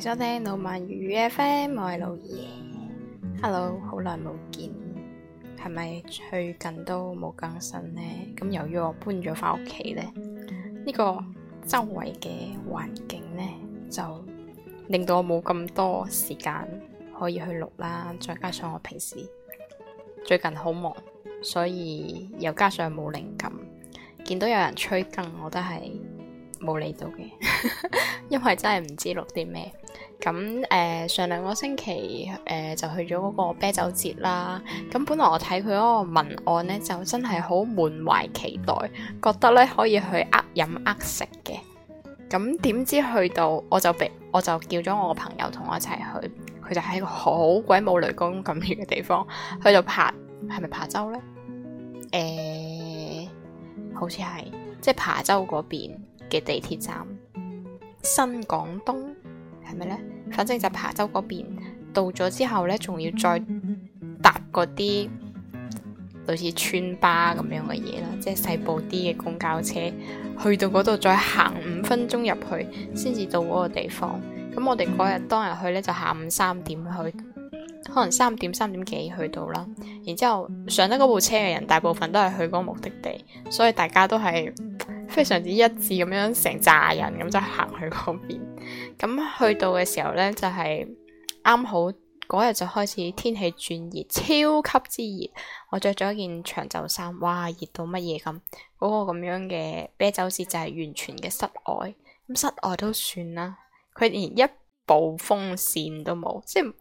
收聽老萬粵語 FM，我係老爺。Hello，好耐冇見，係咪最近都冇更新呢？咁由於我搬咗翻屋企咧，呢個周圍嘅環境咧就令到我冇咁多時間可以去錄啦。再加上我平時最近好忙，所以又加上冇靈感，見到有人催更，我都係。冇嚟到嘅， 因為真係唔知錄啲咩。咁誒、呃，上兩個星期誒、呃、就去咗嗰個啤酒節啦。咁本來我睇佢嗰個文案呢，就真係好滿懷期待，覺得呢可以去呃飲呃食嘅。咁點知去到我就被我就叫咗我個朋友同我一齊去，佢就喺個好鬼冇雷公咁遠嘅地方去到琶，係咪琶洲呢？誒、欸，好似係，即係琶洲嗰邊。嘅地鐵站新廣東係咪呢？反正就琶洲嗰邊，到咗之後呢，仲要再搭嗰啲類似村巴咁樣嘅嘢啦，即係細部啲嘅公交車，去到嗰度再行五分鐘入去，先至到嗰個地方。咁我哋嗰日當日去呢，就下午三點去，可能三點三點幾去到啦。然之後上得嗰部車嘅人，大部分都係去嗰個目的地，所以大家都係，非常之一致咁樣，成扎人咁就行去嗰邊。咁去到嘅時候呢，就係、是、啱好嗰日就開始天氣轉熱，超級之熱。我着咗一件長袖衫，哇，熱到乜嘢咁？嗰、嗰個咁樣嘅啤酒節就係完全嘅室外，咁室外都算啦。佢連一部風扇都冇，即係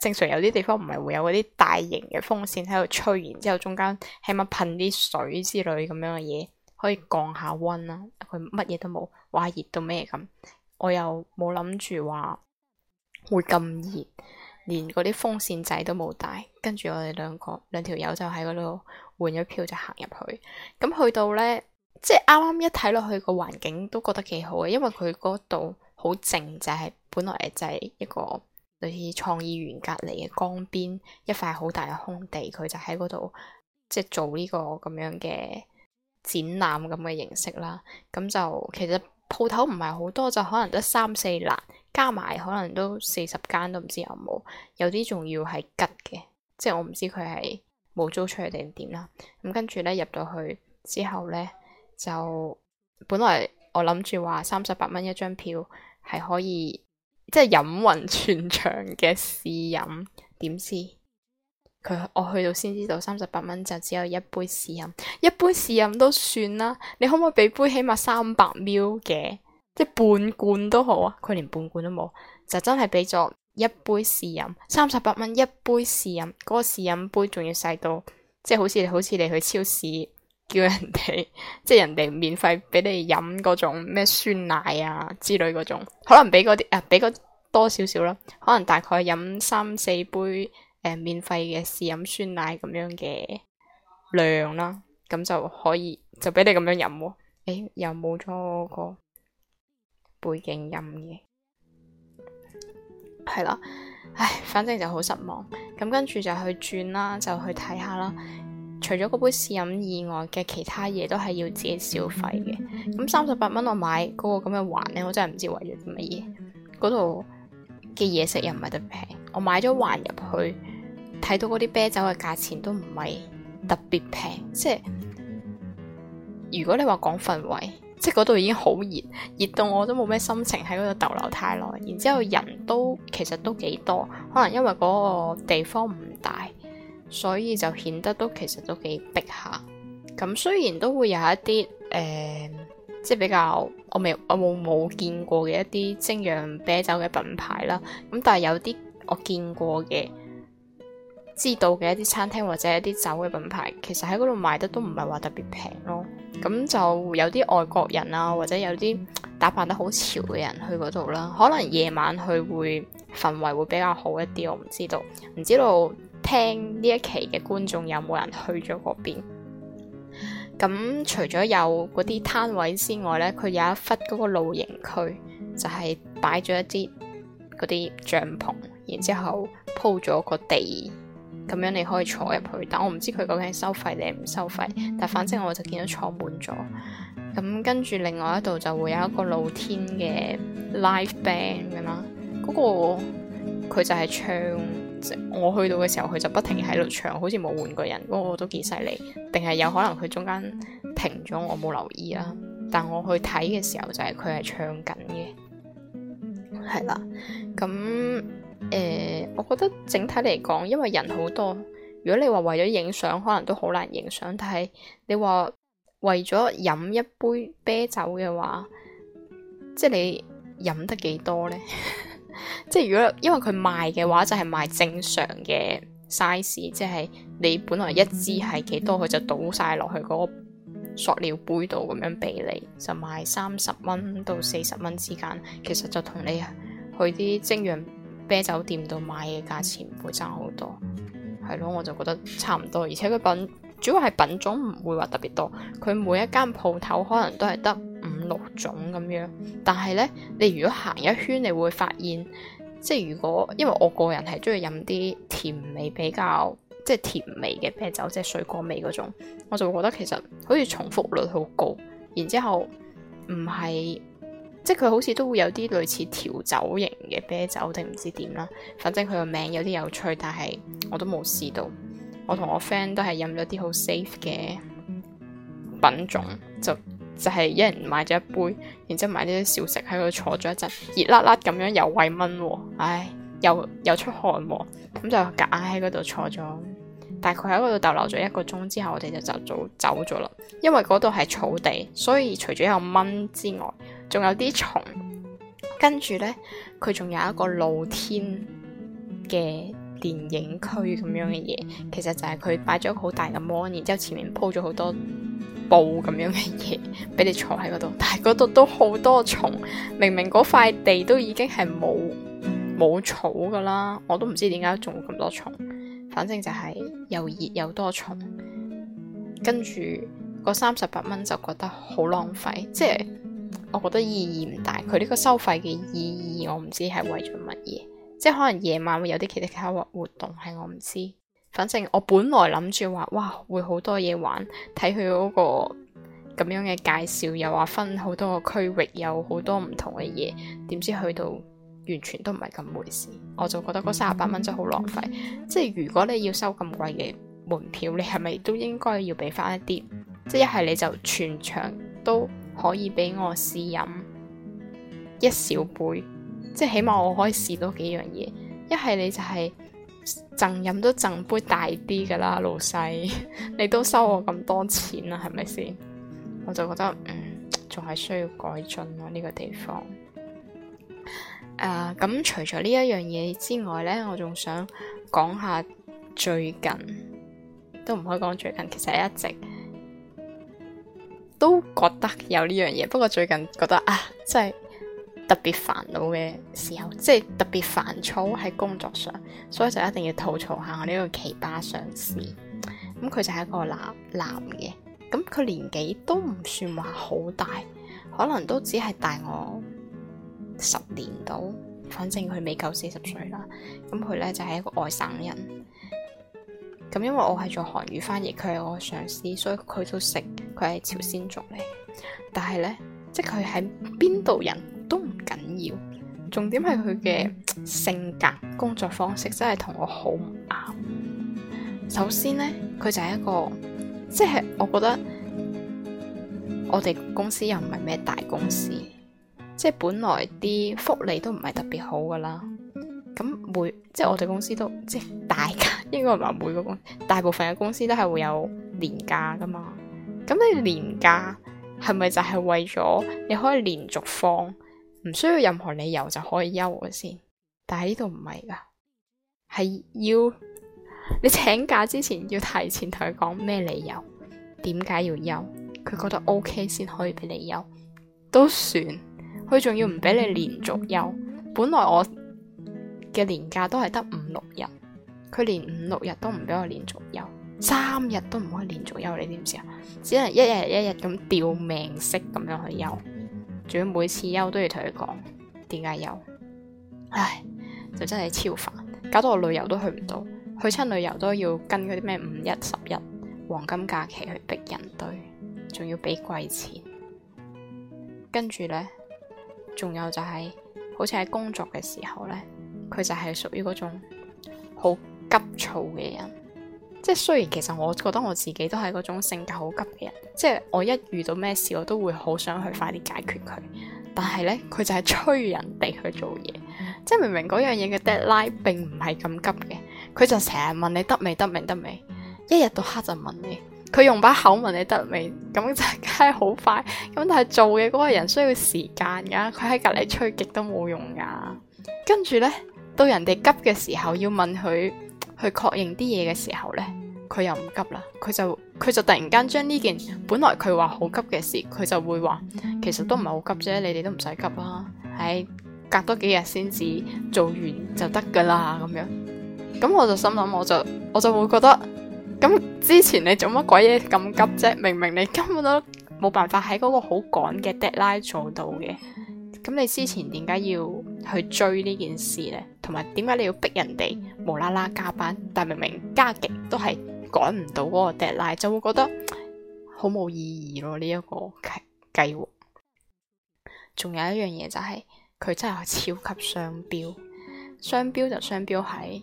正常有啲地方唔係會有嗰啲大型嘅風扇喺度吹，然之後中間起碼噴啲水之類咁樣嘅嘢。可以降下溫啦，啊，佢乜嘢都冇，哇！熱到咩咁？我又冇諗住話會咁熱，連嗰啲風扇仔都冇帶。跟住我哋兩個兩條友就喺嗰度換咗票就行入去。咁去到咧，即係啱啱一睇落去個環境都覺得幾好嘅，因為佢嗰度好靜，就係、是、本來就係一個類似創意園隔籬嘅江邊一塊好大嘅空地，佢就喺嗰度即係做呢個咁樣嘅。展覽咁嘅形式啦，咁就其實鋪頭唔係好多，就可能得三四欄，加埋可能都四十間都唔知有冇，有啲仲要係吉嘅，即係我唔知佢係冇租出去定點啦。咁跟住呢，入到去之後呢，就本來我諗住話三十八蚊一張票係可以即係飲勻全場嘅試飲，點知？佢我去到先知道，三十八蚊就只有一杯試飲，一杯試飲都算啦。你可唔可以俾杯起碼三百 ml 嘅，即係半罐都好啊？佢連半罐都冇，就真係俾咗一杯試飲，三十八蚊一杯試飲，嗰個試飲杯仲要細到，即係好似好似你去超市叫人哋，即係人哋免費俾你飲嗰種咩酸奶啊之類嗰種，可能俾嗰啲啊，俾多少少啦，可能大概飲三四杯。誒、呃，免費嘅試飲酸奶咁樣嘅量啦，咁就可以就俾你咁樣飲喎、喔。誒、欸，又冇咗個背景音嘅，係啦，唉，反正就好失望。咁跟住就去轉啦，就去睇下啦。除咗嗰杯試飲以外嘅其他嘢都係要自己消費嘅。咁三十八蚊我買嗰個咁嘅環咧，我真係唔知為咗啲乜嘢。嗰度嘅嘢食又唔係特平，我買咗環入去。睇到嗰啲啤酒嘅價錢都唔係特別平，即係如果你話講氛圍，即係嗰度已經好熱，熱到我都冇咩心情喺嗰度逗留太耐。然之後人都其實都幾多，可能因為嗰個地方唔大，所以就顯得都其實都幾逼下。咁雖然都會有一啲誒、呃、即係比較，我未我冇冇見過嘅一啲精釀啤酒嘅品牌啦，咁但係有啲我見過嘅。知道嘅一啲餐廳或者一啲酒嘅品牌，其實喺嗰度賣得都唔係話特別平咯。咁就有啲外國人啊，或者有啲打扮得好潮嘅人去嗰度啦。可能夜晚去會氛圍會比較好一啲，我唔知道。唔知道聽呢一期嘅觀眾有冇人去咗嗰邊？咁除咗有嗰啲攤位之外呢，佢有一忽嗰個露營區就，就係擺咗一啲嗰啲帳篷，然之後鋪咗個地。咁樣你可以坐入去，但我唔知佢究竟係收費定唔收費，但反正我就見到坐滿咗。咁跟住另外一度就會有一個露天嘅 live band 噶啦，嗰個佢就係唱，就是、我去到嘅時候佢就不停喺度唱，好似冇換過人，嗰個都幾犀利。定係有可能佢中間停咗，我冇留意啦。但我去睇嘅時候就係佢係唱緊嘅，係啦，咁。誒、呃，我覺得整體嚟講，因為人好多。如果你話為咗影相，可能都好難影相。但係你話為咗飲一杯啤酒嘅話，即係你飲得幾多呢？ 即係如果因為佢賣嘅話，就係、是、賣正常嘅 size，即係你本來一支係幾多，佢就倒晒落去嗰個塑料杯度咁樣俾你，就賣三十蚊到四十蚊之間。其實就同你去啲精釀啤酒店度買嘅價錢唔會差好多，係咯，我就覺得差唔多。而且佢品主要係品種唔會話特別多，佢每一間鋪頭可能都係得五六種咁樣。但係咧，你如果行一圈，你會發現，即係如果因為我個人係中意飲啲甜味比較，即係甜味嘅啤酒，即係水果味嗰種，我就會覺得其實好似重複率好高。然之後唔係。即係佢好似都會有啲類似調酒型嘅啤酒定唔知點啦，反正佢個名有啲有趣，但係我都冇試到。我同我 friend 都係飲咗啲好 safe 嘅品種，就就係、是、一人買咗一杯，然之後買啲小食喺度坐咗一陣，熱辣辣咁樣又餵蚊喎、啊，唉，又又出汗喎、啊，咁就夾硬喺嗰度坐咗。但係佢喺嗰度逗留咗一個鐘之後，我哋就就早走咗啦。因為嗰度係草地，所以除咗有蚊之外，仲有啲蟲。跟住呢，佢仲有一個露天嘅電影區咁樣嘅嘢，其實就係佢擺咗好大嘅幕，然之後前面鋪咗好多布咁樣嘅嘢俾你坐喺嗰度。但係嗰度都好多蟲，明明嗰塊地都已經係冇冇草噶啦，我都唔知點解仲咁多蟲。反正就係、是。又熱又多重，跟住個三十八蚊就覺得好浪費，即係我覺得意義唔大。佢呢個收費嘅意義，我唔知係為咗乜嘢。即係可能夜晚會有啲其他活活動，係我唔知。反正我本來諗住話，哇，會好多嘢玩，睇佢嗰個咁樣嘅介紹，又話分好多個區域，有好多唔同嘅嘢。點知去到～完全都唔係咁回事，我就覺得嗰三十八蚊真係好浪費。即係如果你要收咁貴嘅門票，你係咪都應該要俾翻一啲？即係一係你就全場都可以俾我試飲一小杯，即係起碼我可以試多幾樣嘢。一係你就係贈飲都贈杯大啲㗎喇，老細， 你都收我咁多錢呀，係咪先？我就覺得，嗯，仲係需要改進咯呢個地方。誒，咁、uh, 除咗呢一樣嘢之外呢，我仲想講下最近，都唔可以講最近，其實一直都覺得有呢樣嘢，不過最近覺得啊，真係特別煩惱嘅時候，即係特別煩躁喺工作上，所以就一定要吐槽下我呢個奇葩上司。咁佢就係一個男男嘅，咁佢年紀都唔算話好大，可能都只係大我十年到，反正佢未夠四十歲啦。咁佢咧就係一個外省人。咁因為我係做韓語翻譯，佢係我上司，所以佢都識。佢係朝鮮族嚟，但係咧，即佢喺邊度人都唔緊要。重點係佢嘅性格、工作方式真係同我好唔啱。首先咧，佢就係一個，即係我覺得我哋公司又唔係咩大公司，即係本來啲福利都唔係特別好噶啦，咁每即係我哋公司都即係大家應該唔係每個公大部分嘅公司都係會有年假噶嘛。咁你年假係咪就係為咗你可以連續放，唔需要任何理由就可以休我先？但係呢度唔係噶，係要你請假之前要提前同佢講咩理由，點解要休，佢覺得 OK 先可以俾你休都算。佢仲要唔俾你連續休，本來我嘅年假都係得五六日，佢連五六日都唔俾我連續休，三日都唔可以連續休，你知唔知啊？只能一日一日咁吊命式咁樣去休，仲要每次休都要同佢講點解休，唉，就真係超煩，搞到我旅遊都去唔到，去親旅遊都要跟嗰啲咩五一、十一黃金假期去逼人堆，仲要俾貴錢，跟住咧。仲有就係、是、好似喺工作嘅時候呢，佢就係屬於嗰種好急躁嘅人，即係雖然其實我覺得我自己都係嗰種性格好急嘅人，即係我一遇到咩事我都會好想去快啲解決佢，但係呢，佢就係催人哋去做嘢，即係明明嗰樣嘢嘅 deadline 並唔係咁急嘅，佢就成日問你得未得未得未，一日到黑就問你。佢用把口問你得未？咁就梗係好快。 咁但係做嘅嗰個人需要時間㗎，佢喺隔離吹極都冇用㗎。跟住呢，到人哋急嘅時候要問佢去確認啲嘢嘅時候呢，佢又唔急啦。佢就佢就突然間將呢件本來佢話好急嘅事，佢就會話其實都唔係好急啫，你哋都唔使急啦。喺、哎、隔多幾日先至做完就得㗎啦咁樣。咁我就心諗，我就我就會覺得。咁之前你做乜鬼嘢咁急啫？明明你根本都冇辦法喺嗰個好趕嘅 deadline 做到嘅。咁你之前點解要去追呢件事呢？同埋點解你要逼人哋無啦啦加班？但明明加極都係趕唔到嗰個 deadline，就會覺得好冇意義咯。呢一個計計劃。仲有一樣嘢就係、係、佢真係超級雙標，雙標就雙標喺。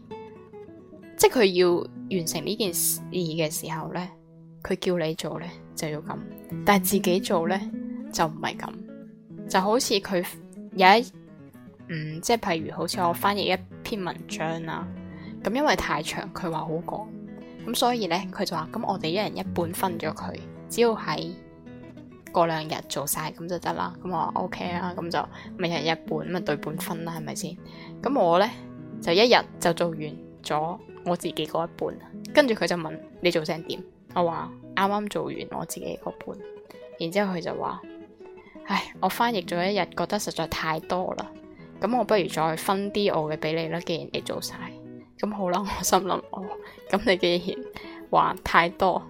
即係佢要完成呢件事嘅時候呢，佢叫你做呢，就要咁，但係自己做呢，就唔係咁。就好似佢有一嗯，即係譬如好似我翻譯一篇文章啦，啊，咁因為太長，佢話好趕，咁所以呢，佢就話咁我哋一人一半分咗佢，只要喺過兩日做晒咁就得，OK，啦。咁我話 O K 啦，咁就咪一人一半，咪對半分啦，係咪先？咁我呢，就一日就做完咗。我自己嗰一半，跟住佢就問你做成點？我話啱啱做完我自己嗰半，然之後佢就話：唉，我翻譯咗一日，覺得實在太多啦，咁我不如再分啲我嘅俾你啦。既然你做晒，咁好啦，我心諗哦，咁你既然話太多，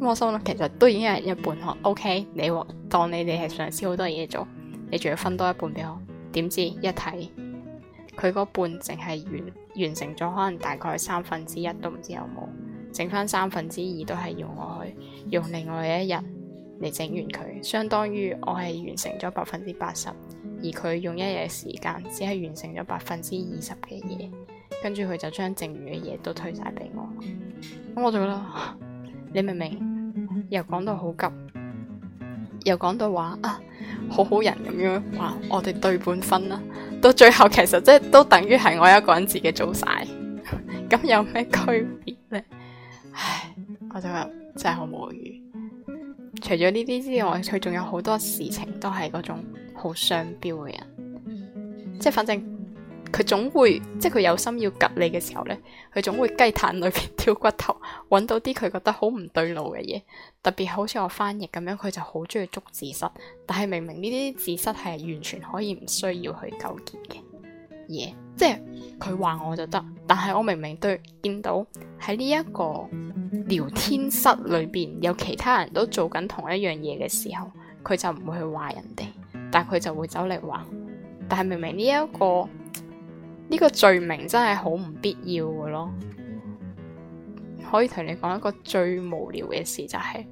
咁我心諗其實都已經係一半咯。O、okay, K，你、哦、當你哋係上司好多嘢做，你仲要分多一半俾我？點知一睇？佢嗰半淨係完完成咗，可能大概三分之一都唔知有冇，剩翻三分之二都係用我去用另外一日嚟整完佢，相當於我係完成咗百分之八十，而佢用一日時間只係完成咗百分之二十嘅嘢，跟住佢就將剩餘嘅嘢都推晒俾我，咁我就覺得你明明又講到好急，又講到話啊好好人咁樣話我哋對半分啦、啊。到最後其實都等於係我一個人自己做晒，咁 有咩區別呢？唉，我就真係好無語。除咗呢啲之外，佢仲有好多事情都係嗰種好雙標嘅人，即反正。佢總會，即係佢有心要吉你嘅時候呢，佢總會雞蛋裏邊挑骨頭，揾到啲佢覺得好唔對路嘅嘢。特別好似我翻譯咁樣，佢就好中意捉字蝨，但係明明呢啲字蝨係完全可以唔需要去糾結嘅嘢，yeah。即係佢話我就得，但係我明明都見到喺呢一個聊天室裏邊有其他人都做緊同一樣嘢嘅時候，佢就唔會去話人哋，但係佢就會走嚟話，但係明明呢、這、一個。呢個罪名真係好唔必要嘅咯，可以同你講一個最無聊嘅事就係、是，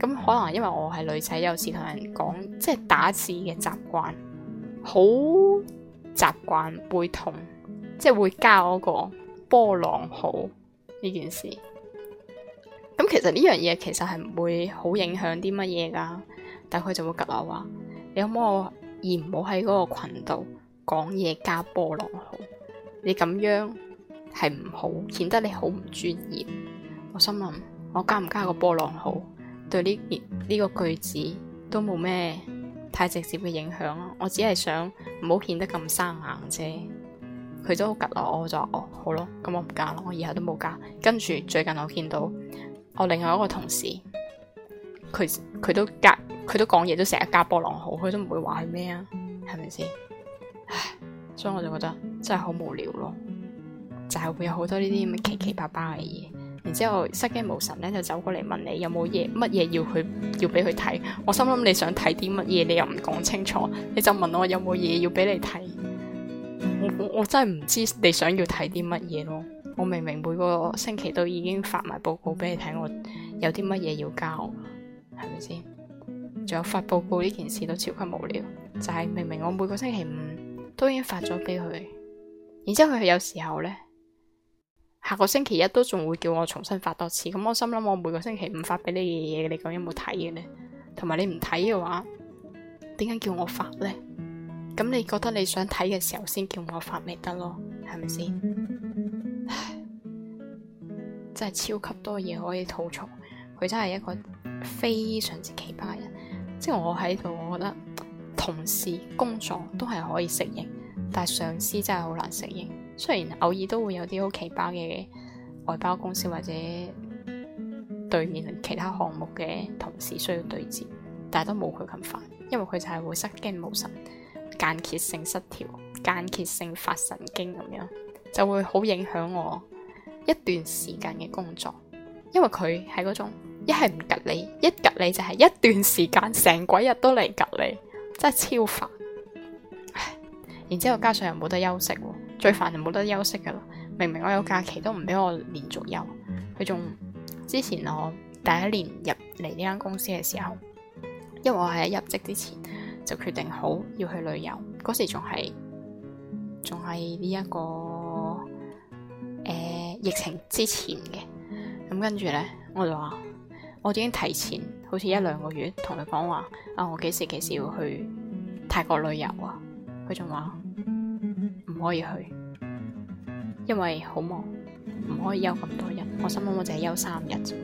咁可能因為我係女仔，有時同人講即係打字嘅習慣，好習慣會同即係會加個波浪號呢件事。咁其實呢樣嘢其實係唔會好影響啲乜嘢㗎，但佢就會吉我話：你可唔可以我而唔好喺嗰個羣度？講嘢加波浪號，你咁樣係唔好，顯得你好唔專業。我心諗，我加唔加個波浪號，對呢呢個句子都冇咩太直接嘅影響咯。我只係想唔好顯得咁生硬啫。佢都好吉落我就，就哦好咯，咁我唔加咯，我以後都冇加。跟住最近我見到我另外一個同事，佢佢都加，佢都講嘢都成日加波浪號，佢都唔會話係咩啊，係咪先？唉，所以我就覺得真係好無聊咯，就係、是、會有好多呢啲咁嘅奇奇葩葩嘅嘢，然之後失驚無神咧就走過嚟問你有冇嘢，乜嘢要佢要俾佢睇，我心諗你想睇啲乜嘢，你又唔講清楚，你就問我有冇嘢要俾你睇，我我，我真係唔知你想要睇啲乜嘢咯，我明明每個星期都已經發埋報告俾你睇，我有啲乜嘢要交，係咪先？仲有發報告呢件事都超級無聊，就係、是、明明我每個星期五。都已經發咗俾佢，然之後佢有時候咧，下個星期一都仲會叫我重新發多次，咁我心諗我每個星期五發俾你嘅嘢，你究竟有冇睇嘅呢？同埋你唔睇嘅話，點解叫我發咧？咁你覺得你想睇嘅時候先叫我發咪得咯？係咪先？唉，真係超級多嘢可以吐槽，佢真係一個非常之奇葩人，即係我喺度，我覺得。同事工作都係可以適應，但係上司真係好難適應。雖然偶爾都會有啲好奇葩嘅外包公司或者對面其他項目嘅同事需要對接，但係都冇佢咁煩。因為佢就係會失驚無神、間歇性失調、間歇性發神經咁樣，就會好影響我一段時間嘅工作。因為佢係嗰種一係唔夾你，一夾你就係一段時間成鬼日都嚟夾你。真係超煩，然之後加上又冇得休息，最煩就冇得休息噶啦。明明我有假期都唔俾我連續休，佢仲之前我第一年入嚟呢間公司嘅時候，因為我係喺入職之前就決定好要去旅遊，嗰時仲係仲係呢一個誒、呃、疫情之前嘅，咁跟住呢，我就話。我已經提前好似一兩個月同佢講話啊、哦，我幾時幾時要去泰國旅遊啊。佢仲話唔可以去，因為好忙，唔可以休咁多日。我心諗我淨係休三日啫，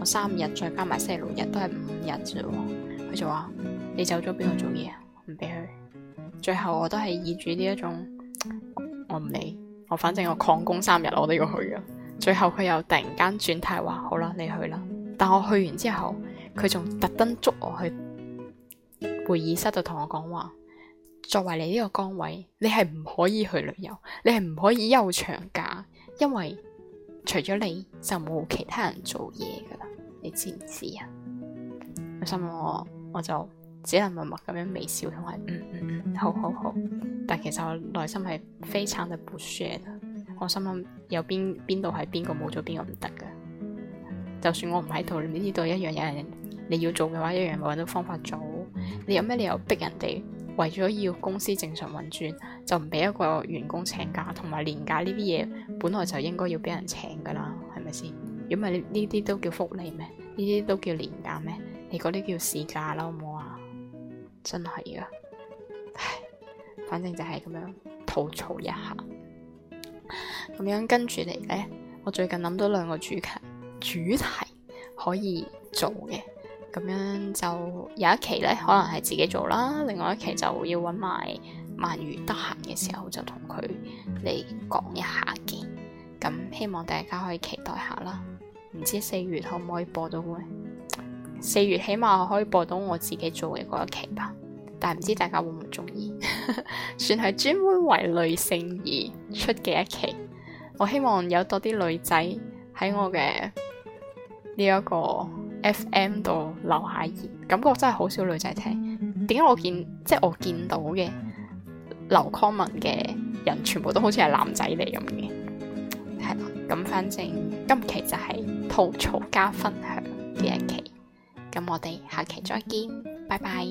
我三日再加埋星期六日都係五日啫。佢就話，你走咗邊度做嘢啊？唔俾去。最後我都係以住呢一種，我唔理，我反正我曠工三日，我都要去噶、啊。最後佢又突然間轉態話，好啦，你去啦。但我去完之後，佢仲特登捉我去會議室度同我講話：作為你呢個崗位，你係唔可以去旅遊，你係唔可以休長假，因為除咗你就冇其他人做嘢噶啦。你知唔知啊？我心諗，我我就只能默默咁樣微笑同埋嗯嗯嗯，好好好。但其實我內心係非常的不屑。我心諗有邊邊度係邊個冇咗邊個唔得噶。就算我唔喺度，你呢度一樣有人，你要做嘅話，一樣揾到方法做。你有咩理由逼人哋為咗要公司正常運轉，就唔俾一個員工請假同埋年假呢啲嘢？本來就應該要俾人請噶啦，係咪先？如果唔係呢啲都叫福利咩？呢啲都叫年假咩？你嗰啲叫試假啦，好冇啊！真係噶，唉，反正就係咁樣吐槽一下，咁樣跟住嚟咧。我最近諗到兩個主題。主題可以做嘅咁樣就有一期呢，可能係自己做啦。另外一期就要揾埋曼如，得閒嘅時候就同佢嚟講一下嘅咁，希望大家可以期待下啦。唔知四月可唔可以播到呢？四月起碼可以播到我自己做嘅嗰一期吧，但係唔知大家會唔會中意， 算係專門為女性而出嘅一期。我希望有多啲女仔喺我嘅，呢一個 FM 度留下言，感覺真係好少女仔聽。點解我見即係我見到嘅留 comment 嘅人，全部都好似係男仔嚟咁嘅，係咯。咁反正今期就係吐槽加分享嘅一期，咁我哋下期再見，拜拜。